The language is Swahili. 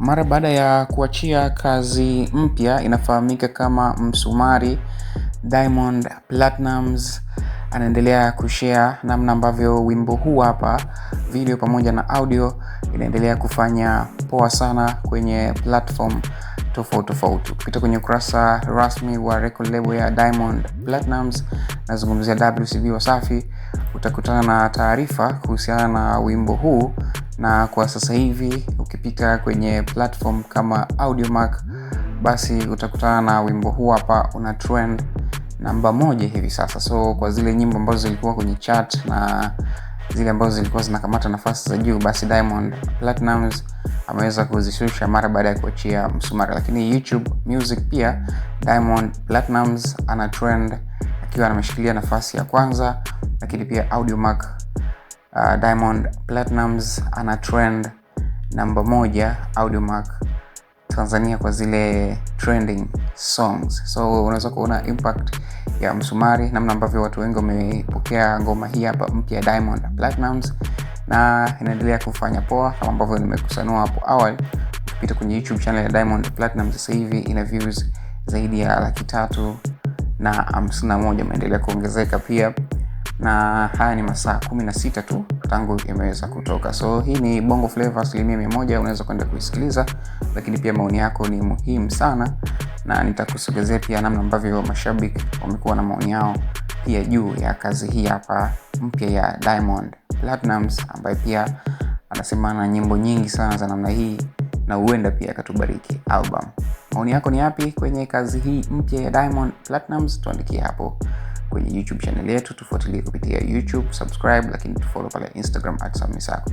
Mara baada ya kuachia kazi mpya inafahamika kama Msumari, Diamond Platnumz anaendelea kushare namna ambavyo wimbo huu hapa, video pamoja na audio, inaendelea kufanya poa sana kwenye platform tofauti tofauti. Ukipita kwenye ukurasa rasmi wa record label ya Diamond Platnumz, nazungumzia WCB Wasafi, utakutana na taarifa kuhusiana na wimbo huu, na kwa sasa hivi ukipita kwenye platform kama Audiomack, basi utakutana na wimbo huu hapa, una trend namba moja hivi sasa. So kwa zile nyimbo ambazo zilikuwa kwenye chat na zile ambazo zilikuwa zinakamata nafasi za juu, basi Diamond platinums ameweza kuzishusha mara baada ya kuachia msumari. Lakini YouTube Music pia Diamond platinums ana trend akiwa ameshikilia nafasi ya kwanza, lakini pia Audiomack, uh, Diamond platinums ana trend namba moja Audiomack Tanzania kwa zile trending songs. So unaweza kuona impact ya msumari, namna ambavyo watu wengi wamepokea ngoma hii hapa mpya ya Diamond na Platnumz, na inaendelea kufanya poa kama ambavyo nimekusanua hapo awali. Ukipita kwenye YouTube channel ya Diamond Platnumz sasa hivi ina views zaidi ya laki tatu na hamsini na moja, imeendelea kuongezeka pia, na haya ni masaa kumi na sita tu tangu imeweza kutoka. So hii ni Bongo Flava asilimia mia moja, unaweza kwenda kuisikiliza, lakini pia maoni yako ni muhimu sana, na nitakusogezea pia namna ambavyo mashabiki wamekuwa na maoni yao pia juu ya kazi hii hapa mpya ya Diamond Platnumz ambaye pia anasema na nyimbo nyingi sana za namna hii na huenda pia akatubariki album. Maoni yako ni yapi kwenye kazi hii mpya ya Diamond Platnumz? Tuandikie hapo kwenye YouTube channel yetu, tufuatilie kupitia YouTube, subscribe, lakini tufollow pale Instagram at samisako